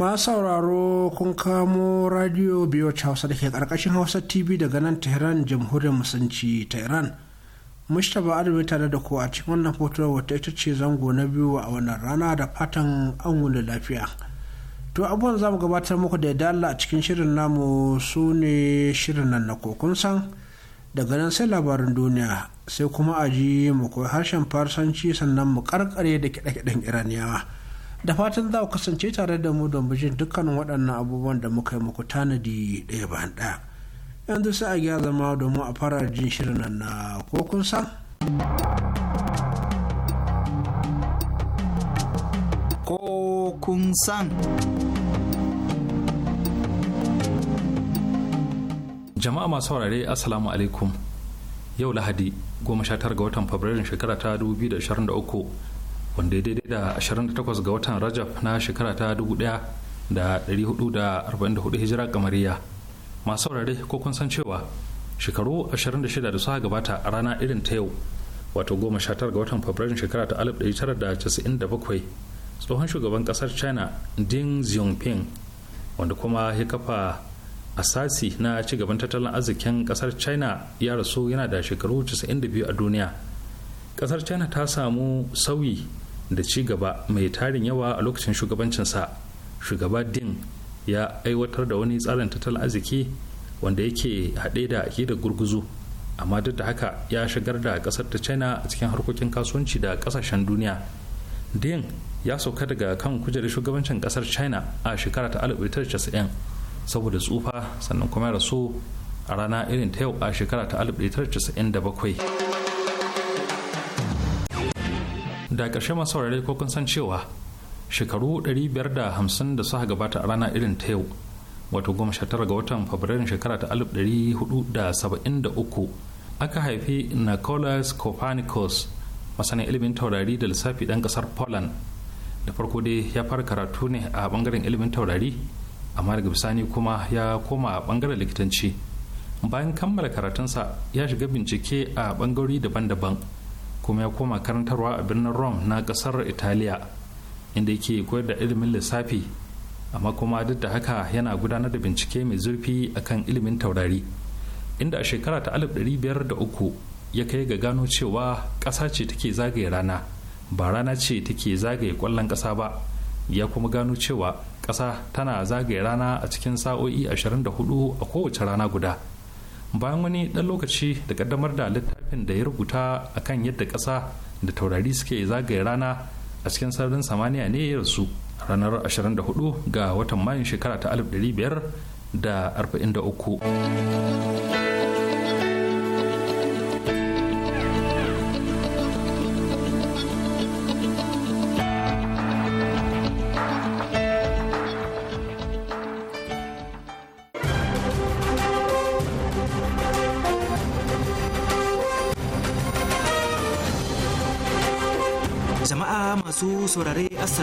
masu sauraro kun kamo radio biyoci hausa da ke karkashin hausa tv daga nan tehran jamhuriyar musulunci ta iran ba adamu tare da ku a cikin wannan hoto wata ita ce zango na biyu a wannan rana da fatan an wuli lafiya to abubuwan za mu gabatar muku da dala a cikin shirin namu su ne shirin nan na kokun san daga nan sai labarin duniya sai kuma a ji mu koyi harshen farsanci sannan mu karkare da kiɗe-kiɗen iraniyawa da fatan za ku kasance tare da mu don bijin dukkanin waɗannan abubuwan da muka yi muku tanadi ɗaya bayan ɗaya yanzu sai a gya zama mu a fara jin shirin na ko kun san jama'a masu saurare assalamu alaikum yau lahadi 19 ga watan fabrairun shekara ta 2023 wanda ya daidai da 28 ga watan rajab na shekara ta 1444 hijira kamariya masu saurare ko kun san cewa shekaru 26 da suka gabata a rana irin ta yau wato 19 ga watan fabrairun shekara ta 1997 tsohon shugaban kasar china ding xiaoping wanda kuma ya kafa asasi na cigaban tattalin arzikin kasar china ya rasu yana da shekaru 92 a duniya kasar china ta samu sauyi da ci gaba mai tarin yawa a lokacin shugabancinsa shugaba din ya aiwatar da wani tsarin tattalin arziki wanda yake haɗe da da gurguzu amma duk da haka ya shigar da ƙasar ta china a cikin harkokin kasuwanci da ƙasashen duniya din ya sauka daga kan kujerar shugabancin ƙasar china a shekara ta 1990 saboda tsufa sannan kuma ya rasu a rana irin ta yau a shekara ta 1997 da ƙarshe masu saurare ko kun san cewa shekaru 550 da suka gabata a rana irin ta yau wato 19 ga watan fabrairun shekara ta 1473 aka haifi nicholas copernicus masanin ilimin taurari da lissafi ɗan ƙasar poland da farko dai ya fara karatu ne a bangaren ilimin taurari amma daga bisani kuma ya koma a ɓangaren likitanci bayan kammala karatunsa ya shiga bincike a bangarori daban-daban kuma ya koma karantarwa a birnin rome na kasar italiya inda yake koyar da ilimin lissafi amma kuma duk da haka yana gudanar da bincike mai zurfi akan ilimin taurari inda a shekara ta alif biyar da uku ya kai ga gano cewa ƙasa ce take zagaye rana ba rana ce take zagaye kwallon ƙasa ba ya kuma gano cewa ƙasa tana zagaye rana a cikin sa'o'i ashirin da hudu a kowace rana guda bayan wani ɗan lokaci da ƙaddamar da littafin da ya rubuta akan yadda ƙasa da taurari suke zagaye rana a cikin sararin samaniya ne ya rasu ranar 24 ga watan mayun shekara ta 1543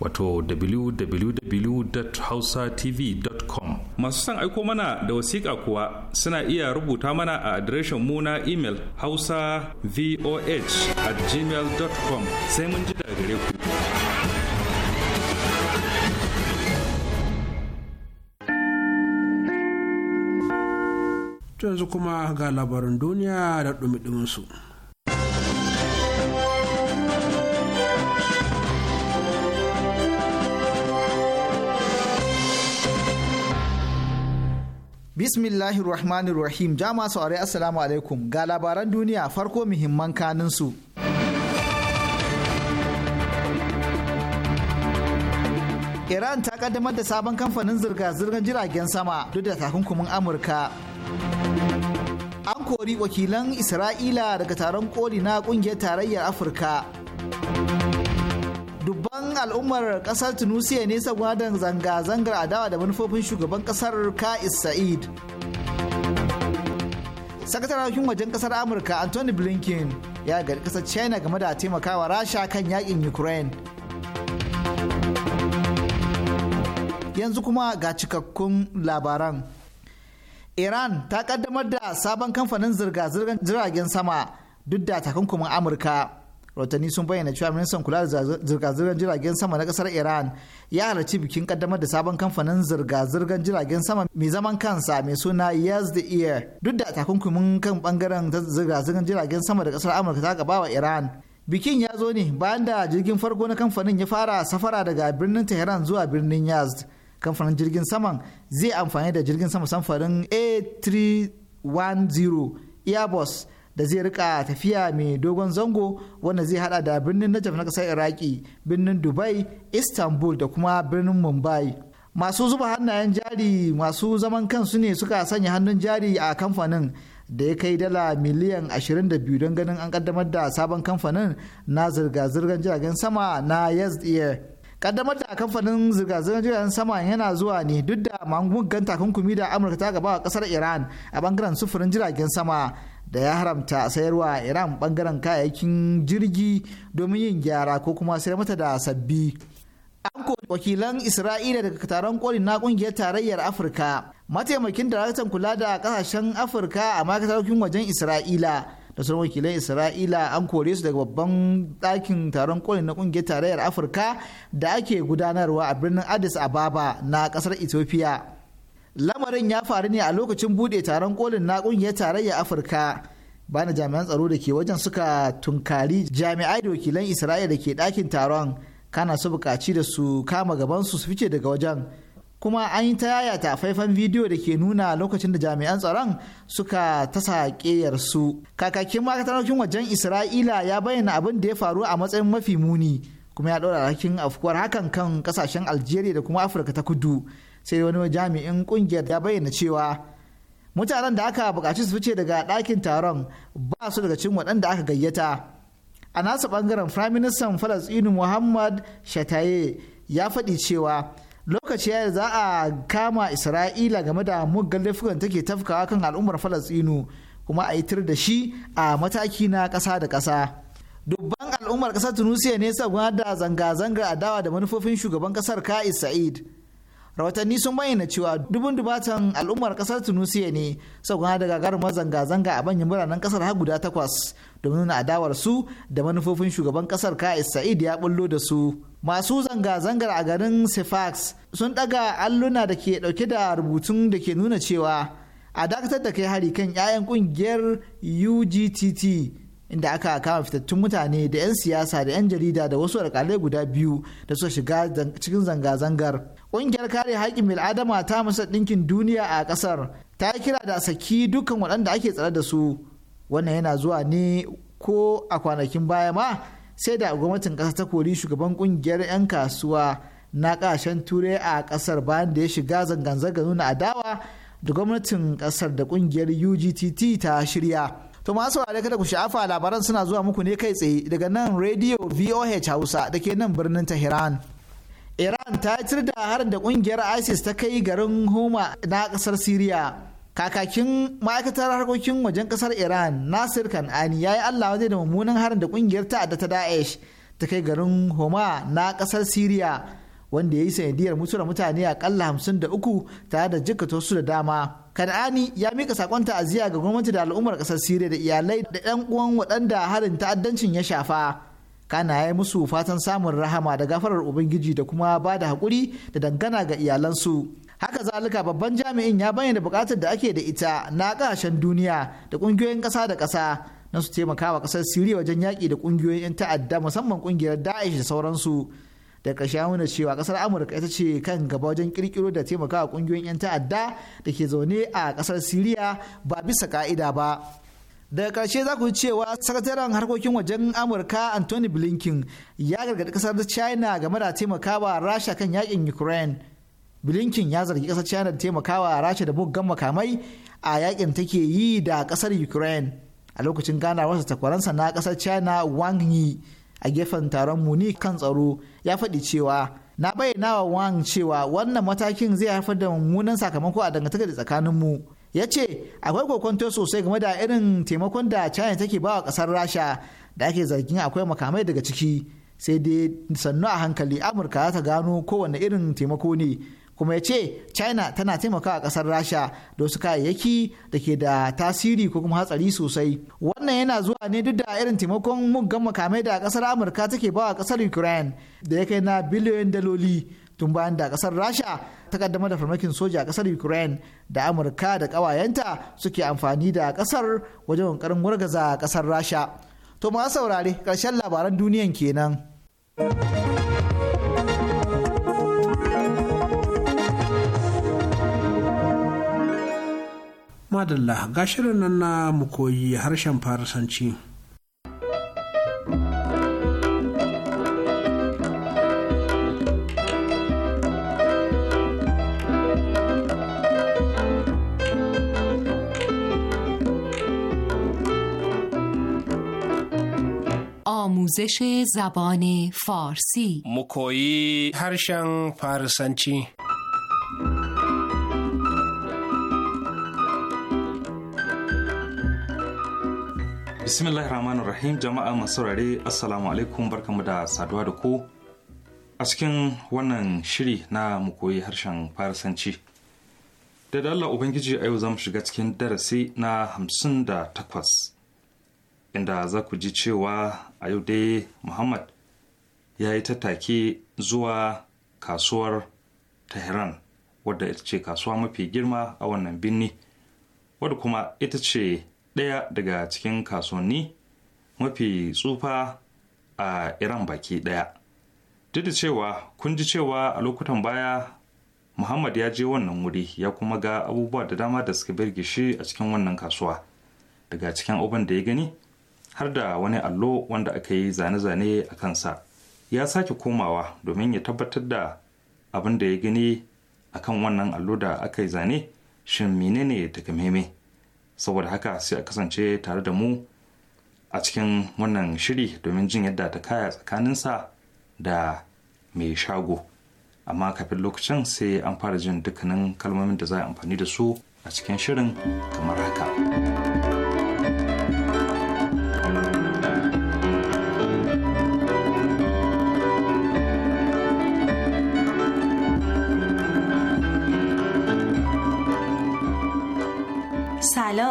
wato www.hausatv.com masu son aiko mana da wasiƙa kuwa suna iya rubuta mana a adireshin mu na imel hausa voh at gmail.com sai mun ji daga gare ku yanzu kuma ga labarin duniya da ɗumi su. Bismillahir Rahmanir Rahim jama saurari Assalamu alaikum ga labaran duniya farko muhimman kanin su. Iran ta kaddamar da sabon kamfanin zirga-zirgar jiragen sama duk da takunkumin Amurka. An kori wakilan Isra'ila daga taron koli na kungiyar tarayyar Afirka dubban al'ummar kasar tunisia ne saboda zanga-zangar adawa da manufofin shugaban kasar ka'is sa'id sakataren wajen kasar amurka anthony blinken ya gari kasar china game da taimakawa rasha kan yakin ukraine yanzu kuma ga cikakkun labaran iran ta kaddamar da sabon kamfanin zirga-zirgar jiragen sama duk da takunkumin amurka rotani sun bayyana cewa ministan kula da zirga-zirgar jiragen sama na kasar iran ya halarci bikin kaddamar da sabon kamfanin zirga-zirgar jiragen sama mai zaman kansa mai suna yes the ear duk da takunkumin kan bangaren zirga-zirgar jiragen sama da kasar amurka ta gaba wa iran bikin ya zo ne bayan da jirgin farko na kamfanin ya fara safara daga birnin tehran zuwa birnin yazd kamfanin jirgin saman zai amfani da jirgin sama samfarin a310 airbus da zai rika tafiya mai dogon zango wanda zai hada da birnin najaf na kasar iraki birnin dubai istanbul da kuma birnin mumbai masu zuba hannayen jari masu zaman kansu ne suka sanya hannun jari a kamfanin da ya kai dala miliyan 22 don ganin an kaddamar da sabon kamfanin na zirga-zirgar jiragen sama na yes kaddamar da kamfanin zirga-zirgar jiragen sama yana zuwa ne duk da magungan takunkumi da amurka ta gaba a kasar iran a bangaren sufurin jiragen sama da ya haramta sayarwa a iran bangaren kayayyakin jirgi domin yin gyara ko kuma sayar mata da sabbi an kori wakilan isra'ila daga taron koli na kungiyar tarayyar afirka mataimakin daraktan kula da kasashen afirka a makatarokin wajen isra'ila da sauran wakilan isra'ila an kore su daga babban dakin taron koli na kungiyar tarayyar afirka da ake gudanarwa a birnin addis ababa na ƙasar ethiopia lamarin ya faru ne a lokacin bude taron kolin na ƙungiyar tarayyar afirka bana jami'an tsaro da ke wajen suka tunkari jami'ai da wakilan isra'ila da ke dakin taron kana su buƙaci da su kama gaban su fice daga wajen kuma an yi ta yayata faifan bidiyo da ke nuna lokacin da jami'an tsaron suka tasa su kakakin makatanokin wajen isra'ila ya bayyana abin da ya faru a matsayin mafi muni kuma ya ɗora alhakin afkuwar hakan kan ƙasashen algeria da kuma afirka ta kudu sai wani jami'in kungiyar ya bayyana cewa mutanen da aka bukaci su fice daga ɗakin taron ba su daga cikin waɗanda aka gayyata a nasa ɓangaren firayim ministan falastinu muhammad shataye ya faɗi cewa lokaci ya za a kama isra'ila game da muggan laifukan take tafkawa kan al'ummar falastinu kuma a yi da shi a mataki na ƙasa da ƙasa dubban al'ummar ƙasar tunusiya ne sa da zanga-zangar adawa da manufofin shugaban ƙasar ka'is sa'id rahotanni sun bayyana cewa dubun dubatan al'ummar kasar tunisia ne sauƙana da gagarumar zanga-zanga a manyan biranen kasar har guda takwas domin nuna adawar su da manufofin shugaban kasar ka'is sa'id ya bullo da su masu zanga-zangar a garin sefax sun ɗaga alluna da ke ɗauke da rubutun da ke nuna cewa a dakatar da kai hari kan 'ya'yan ƙungiyar ugtt inda aka kama fitattun mutane da 'yan siyasa da 'yan jarida da wasu alkalai guda biyu da suka shiga cikin zanga-zangar ƙungiyar kare haƙƙin adama ta masa ɗinkin duniya a ƙasar ta kira da saki dukkan waɗanda ake tsare da su wannan yana zuwa ne ko a kwanakin baya ma sai da gwamnatin ƙasa ta kori shugaban ƙungiyar 'yan kasuwa na ƙasashen turai a ƙasar bayan da ya shiga zanga-zanga nuna adawa da gwamnatin ƙasar da ƙungiyar UGTT ta shirya. To masu saurare kada ku sha'afa labaran suna zuwa muku ne kai tsaye daga nan Radio VOH Hausa da ke nan birnin Tehran. iran ta yitar da harin da kungiyar isis ta kai garin homa na kasar syria kakakin ma'aikatar harkokin wajen kasar iran nasir kan'ani ya yi allah wajen da mummunan harin da kungiyar ta'adda ta daesh ta kai garin homa na kasar syria wanda ya yi sanadiyar mutuwar mutane akalla hamsin da uku tare da jikkata su da dama kan'ani ya mika sakon ta'aziya ga gwamnati da al'ummar kasar syria da iyalai da 'yan uwan waɗanda harin ta'addancin ya shafa kana ya musu fatan samun rahama da gafarar ubangiji da kuma ba da haƙuri da dangana ga iyalansu haka zalika babban jami'in ya bayyana buƙatar da ake da ita na ƙasashen duniya da ƙungiyoyin ƙasa da ƙasa na su taimakawa ƙasar siriya wajen yaƙi da ƙungiyoyin 'yan ta'adda musamman ƙungiyar da'ish da sauransu da ƙarshe nuna cewa ƙasar amurka ita ce kan gaba wajen ƙirƙiro da taimakawa ƙungiyoyin 'yan ta'adda da ke zaune a ƙasar siriya ba bisa ƙa'ida ba daga karshe za ku ji cewa sakataren harkokin wajen amurka anthony blinken ya gargadi kasar china game da taimakawa rasha kan yakin ukraine blinken ya zargi kasar china da taimakawa rasha da muggan makamai a yakin take yi da kasar ukraine a lokacin ganawarsa takwaransa na kasar china wang yi a gefen taron muni kan tsaro ya faɗi cewa na bayyana wa wang cewa wannan matakin zai haifar da mummunan sakamako a dangantaka da tsakaninmu ya ce akwai kokonto sosai game da irin taimakon da china take ba wa kasar rasha da ake zargin akwai makamai daga ciki sai dai sannu a hankali amurka za ta gano kowane irin taimako ne kuma ya ce china tana taimakawa kasar rasha da wasu kayayyaki da ke da tasiri ko kuma hatsari sosai wannan yana zuwa ne duk da irin taimakon muggan makamai da kasar amurka take ba bawa kasar ukraine da ya kai na biliyoyin daloli tun bayan da kasar rasha ta kaddama da farmakin soja a kasar ukraine da amurka da kawayenta suke amfani da kasar wajen ƙoƙarin wargaza kasar rasha to ma saurare ƙarshen labaran duniyan kenan madalla shirin nan na mu koyi harshen farisanci آموزش زبان فارسی مکویی harshen فارسنچی bismillahir rahmanir rahim jama'a masu asalamu assalamu alaikum barkamu da saduwa da ku a cikin wannan shiri na mu koyi harshen farisanci da Allah ubangiji a yau za mu shiga cikin darasi na hamsin da takwas inda za ku ji cewa a yau dai Muhammad ya yi tattaki zuwa kasuwar Tehran wadda ita ce kasuwa mafi girma a wannan birni wadda kuma ita ce ɗaya daga cikin kasuwanni mafi tsufa a Iran baki ɗaya. Duk da cewa kun ji cewa a lokutan baya Muhammad ya je wannan wuri ya kuma ga abubuwa da dama da suka birge shi a cikin wannan kasuwa. Daga cikin abin da ya gani har da wani allo wanda aka yi zane-zane a kansa ya sake komawa domin ya tabbatar da abin da ya gani a kan wannan allo da aka yi zane shin menene meme saboda haka sai a kasance tare da mu a cikin wannan shiri domin jin yadda ta kaya tsakaninsa da mai shago amma kafin lokacin sai an fara jin dukkanin kalmomin da za a amfani da su a cikin shirin kamar haka.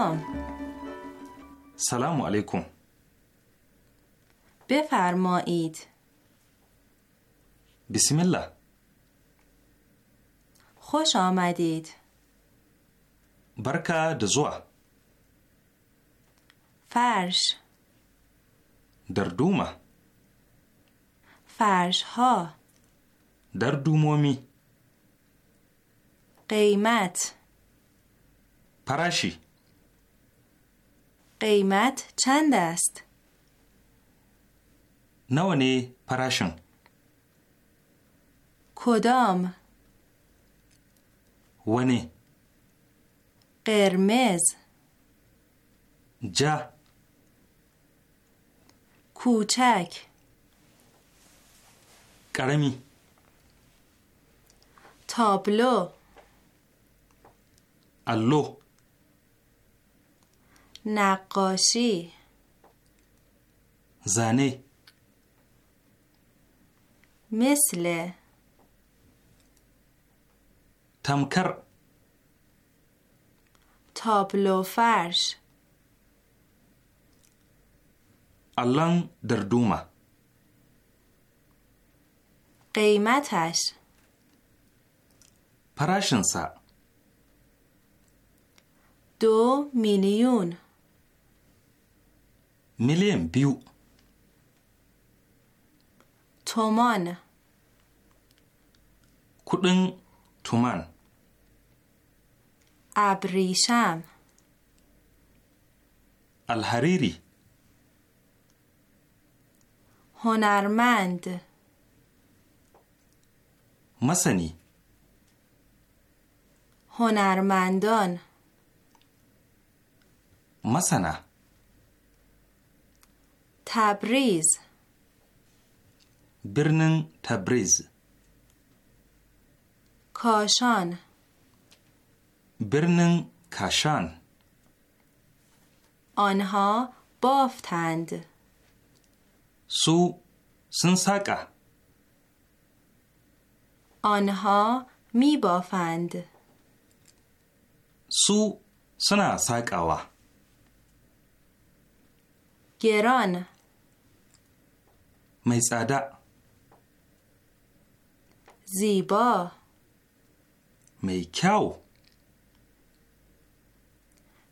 سلام سلام علیکم بفرمایید بسم الله خوش آمدید برکه دزوا فرش در دومه فرش ها در دومومی قیمت پراشی قیمت چند است؟ نوانی پراشن کدام ونی قرمز جا کوچک کرمی تابلو الو نقاشی زنه مثل تمکر تابلو فرش الان در قیمتش، قیمتش پراشنسا دو میلیون miliyan تومان، تومان Kuɗin تومان ابریشم الحریری هنرمند مسنی هنرمندان مسنه تبریز برنن تبریز کاشان برنن کاشان آنها بافتند سو سنساکا آنها می بافند سو سنا ساکاوا گران mai tsada زیبا mai kyau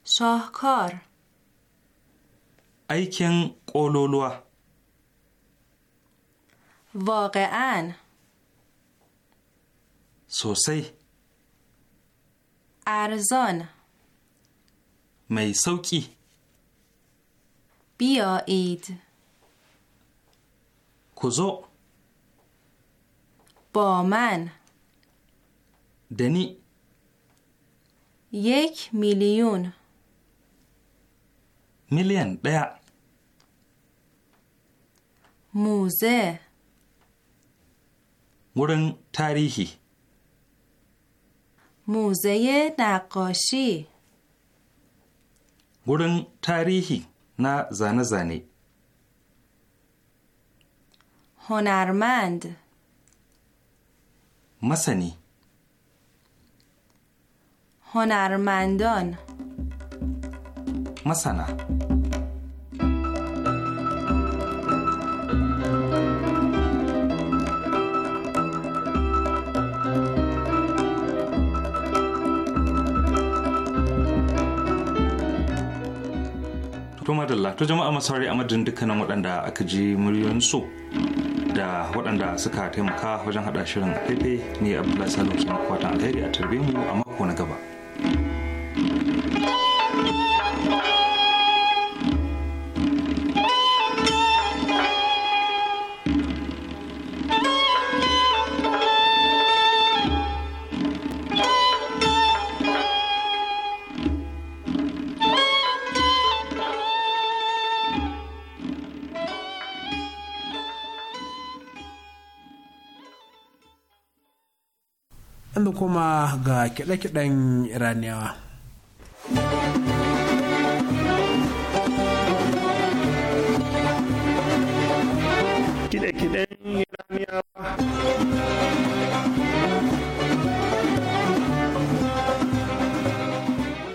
Sokor. aikin ƙololuwa واقعا sosai Arzon. mai sauƙi بیایید کزو با من دنی یک میلیون میلیون بیا موزه ورن تاریخی موزه نقاشی ورن تاریخی نه زنه زنی هنرمند مسنی هنرمندان مثلا To madalla to jama'a masauri a madadin dukkanin waɗanda aka ji muryoyin so da waɗanda suka taimaka wajen haɗa shirin a ne da salo ke makwatan alheri a tarbe mu a mako na gaba. kuma ga kiɗe-kiɗen iraniyawa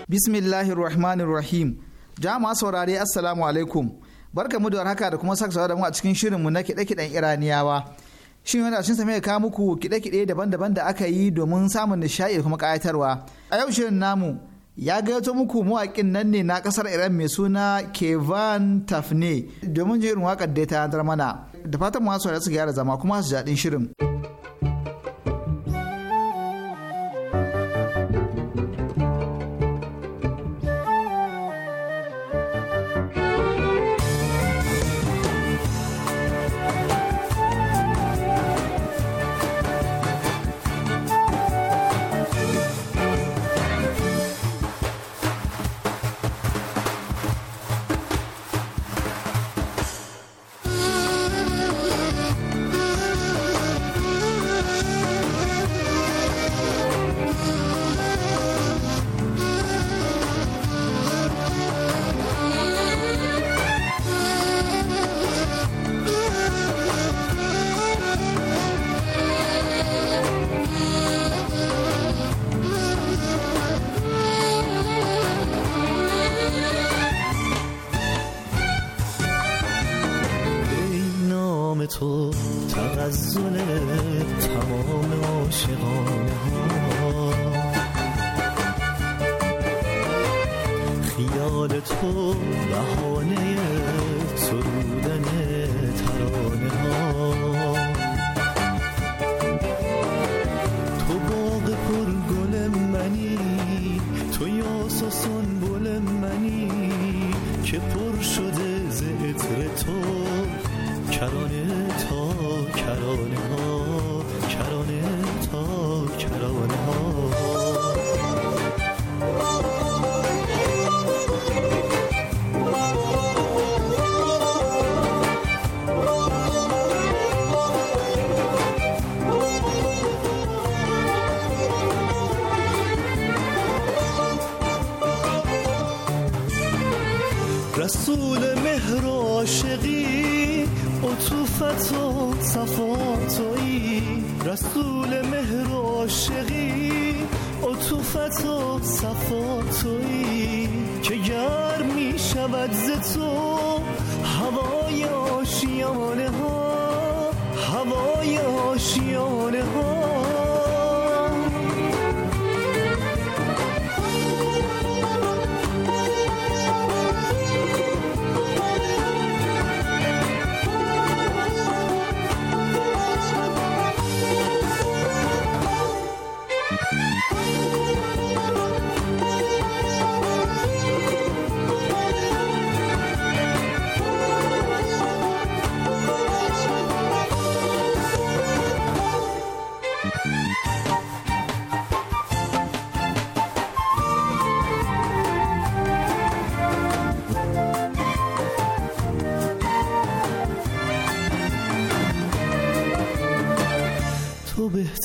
bismillahir rahmanir rahim jama'a saurare assalamu alaikum barka mu da haka da kuma saka da mu a cikin shirinmu na kiɗe-kiɗen iraniyawa Shin yana sun same ka muku kide-kide daban-daban da aka yi domin samun nishaɗi da kuma kayatarwa. A yau shirin namu ya gayyato muku mawaƙin nan ne na ƙasar Iran mai suna Kevan Tafne domin jin waƙar da ta mana. Da fatan masu su gyara zama kuma su jaɗin shirin.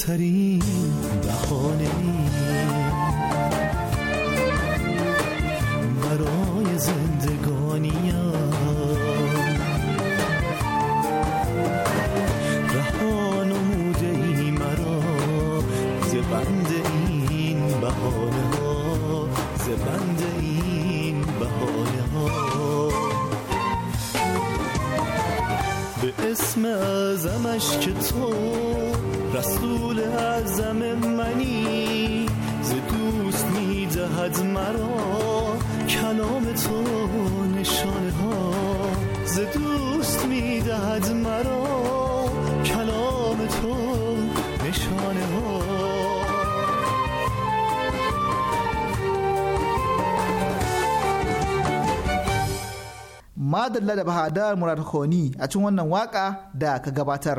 छरी بعد مرا کلام تو نشانه ها ز دوست میدهد مرا کلام تو نشانه ها madalla da bahadar murad khoni a cikin wannan waka da ka gabatar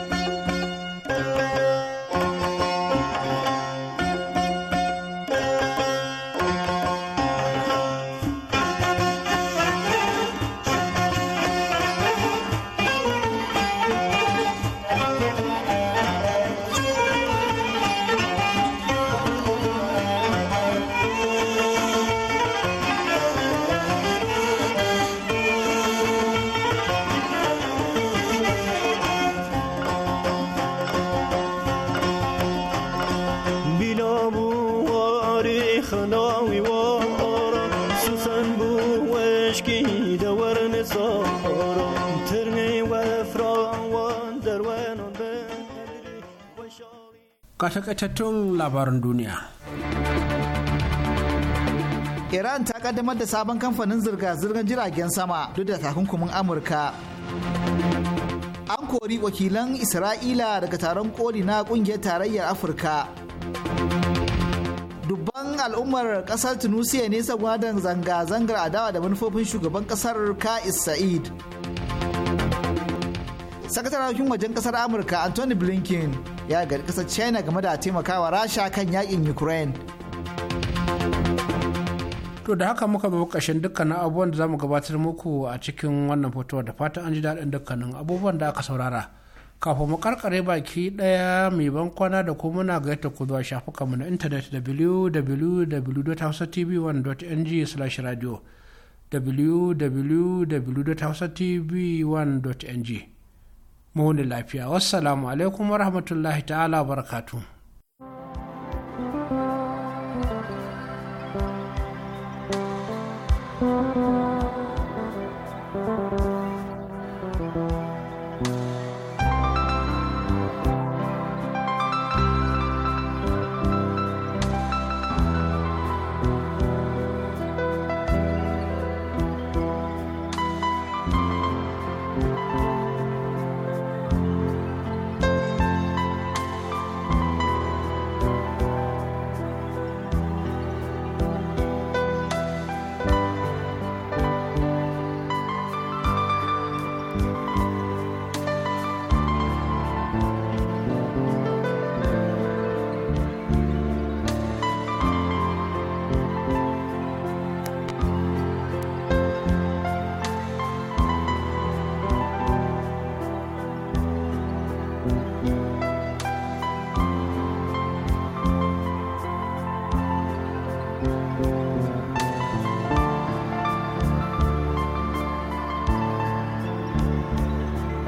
takaitattun labaran duniya. Iran ta kaddamar da sabon kamfanin zirga-zirgar jiragen sama duk da takunkumin Amurka. An kori wakilan Isra'ila daga taron koli na kungiyar tarayyar Afirka. Dubban al'ummar kasar Tunisia ne gwadon zanga-zangar adawa da manufofin shugaban kasar Ka'is Sa'id. Sakataren wajen kasar Amurka Anthony Blinken ya gari kasar china game da taimakawa rasha kan yakin ukraine to da haka muka zo kashin dukkanin abubuwan da zamu gabatar muku a cikin wannan fitowar da fatan an ji daɗin dukkanin abubuwan da aka saurara kafin mu karkare baki ɗaya mai ban kwana da ku muna gaita ku zuwa mu na intanet www.hausatv1.ng/radio www.hausatv1.ng mu lafiya wassalamu alaikum warahmatullahi ta'ala barakatu.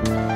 Bye.